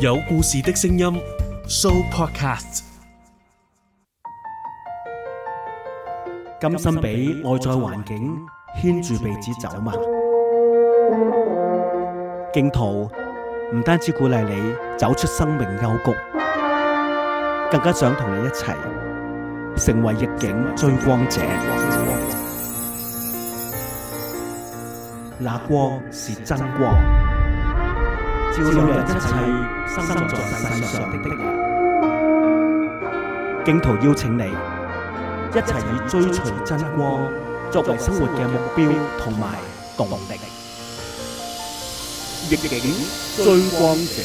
有故事的聲音，Sooo Podcast。甘心俾外在環境牽住鼻子走嘛？荊徒唔單止鼓勵你走出生命幽谷，更加想同你一齊成為逆境追光者。那光是真光。照亮一切生在世上的的人，荊徒邀請你一齊以追隨真光作為生活嘅目標同埋動力，逆境追光者。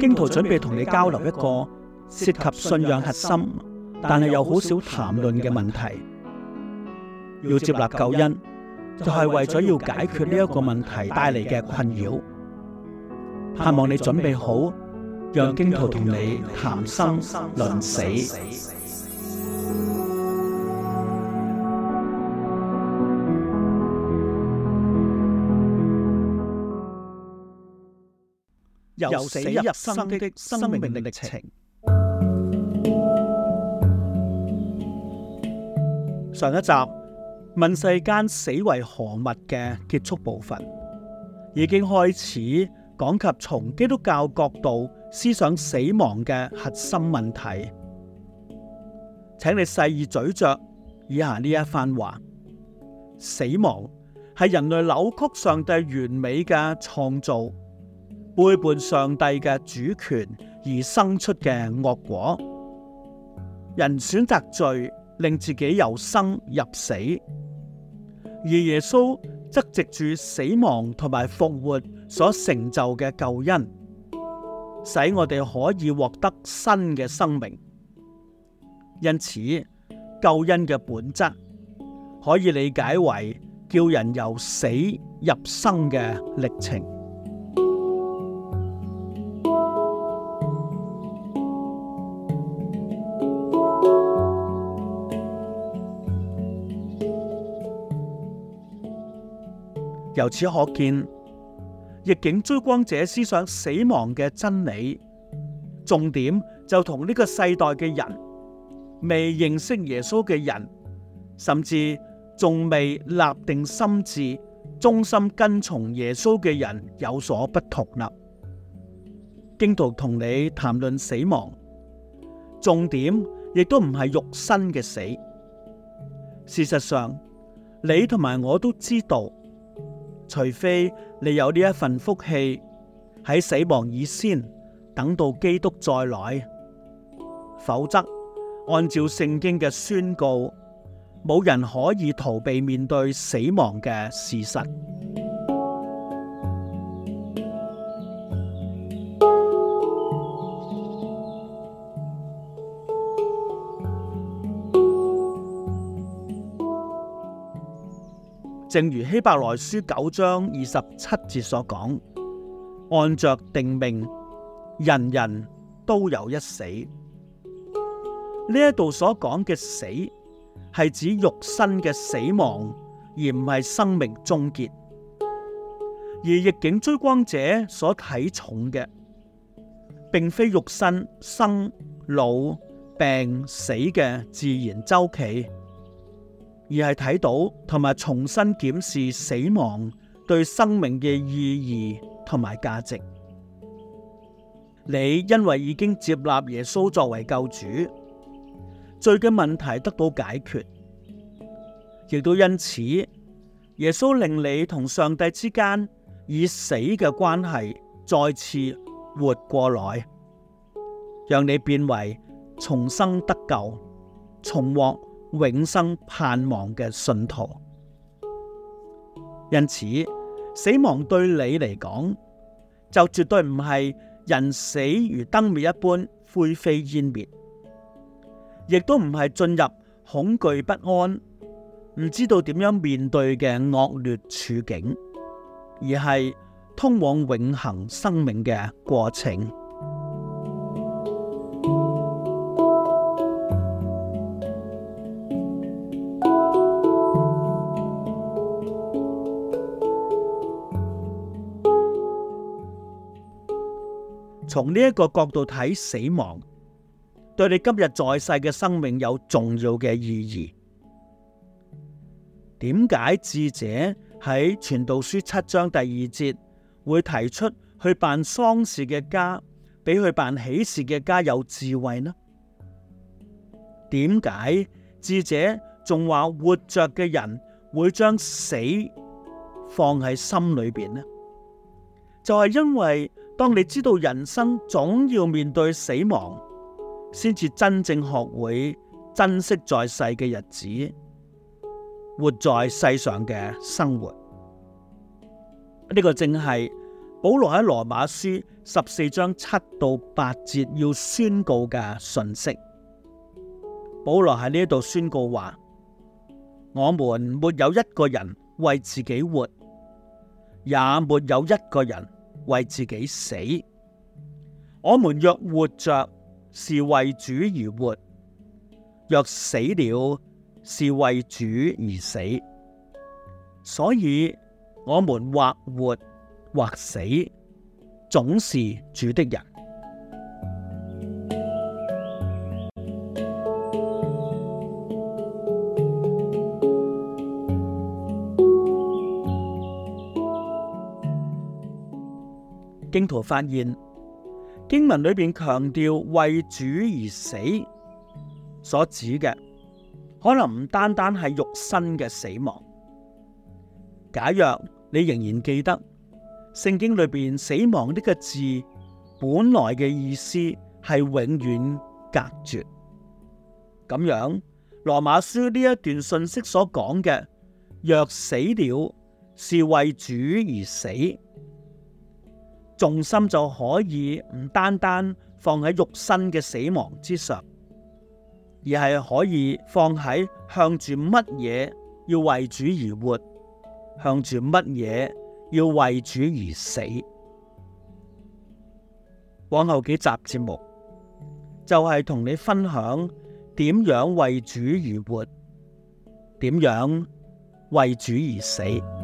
荊徒準備同你交流一個涉及信仰核心，但係又好少談論嘅問題。要接納救恩，就係為咗要解決呢一個問題帶嚟嘅困擾。盼望你準備好，讓荊徒同你談生論死，由死入生的生命歷程。上一集。問世間死為何物嘅結束部分，已經開始講及從基督教角度思想死亡嘅核心問題，請你細意咀嚼以下呢一番話：死亡係人類扭曲上帝完美嘅創造，背叛上帝嘅主權而生出嘅惡果。人選擇罪。令自己由生入死，而耶穌則藉住死亡同埋復活所成就嘅救恩，使我哋可以獲得新嘅生命。因此，救恩嘅本質可以理解為叫人由死入生嘅歷程。由此可見，逆境追光者思想死亡嘅真理，重點就同呢個世代嘅人未認識耶穌嘅人，甚至仲未立定心志，忠心跟從耶穌嘅人有所不同啦。荊徒同你談論死亡，重點亦都唔係肉身嘅死。事實上，你同埋我都知道。除非你有呢一份福氣，喺死亡以先等到基督再來，否則按照聖經嘅宣告，冇人可以逃避面對死亡嘅事實。正如希伯來書九章二十七節所講，按着定命，人人都有一死。呢一度所講嘅死，係指肉身嘅死亡，而唔係生命終結。而逆境追光者所睇重嘅，並非肉身生老病死嘅自然周期。而係睇到同埋重新檢視死亡對生命嘅意義同埋價值。你因為已經接納耶穌作為救主，罪嘅問題得到解決，亦都因此耶穌令你同上帝之間以死嘅關係再次活過來，讓你變為重生得救、重獲永生盼望嘅信徒，因此死亡對你嚟講，就絕對唔係人死如燈滅一般灰飛煙滅，亦都唔係進入恐懼不安、唔知道點樣面對嘅惡劣處境，而係通往永恒生命嘅過程。從呢一個角度睇死亡，對你今日在世嘅生命有重要嘅意義。點解智者喺《傳道書》七章第二節會提出去辦喪事嘅家比去辦喜事嘅家有智慧呢？點解智者仲話活着嘅人會將死放喺心裏邊呢？就係因為。當你知道人生總要面對死亡，先至真正學會珍惜在世嘅日子，活在世上嘅生活。呢個正係保羅喺羅馬書十四章七到八節要宣告嘅信息。保羅喺呢度宣告話：我們沒有一個人為自己活，也沒有一個人。為自己死，我們若活着是為主而活；若死了是為主而死。所以，我們或活或死，總是主的人。荊徒發現經文裏邊強調為主而死所指嘅，可能唔單單係肉身嘅死亡。假若你仍然記得聖經裏邊死亡呢個字本來嘅意思係永遠隔絕，咁樣羅馬書呢一段信息所講嘅若死了，是為主而死。重心就可以唔單單放喺肉身嘅死亡之上，而係可以放喺向住乜嘢要為主而活，向住乜嘢要為主而死。往後幾集節目就係同你分享點樣為主而活，點樣為主而死。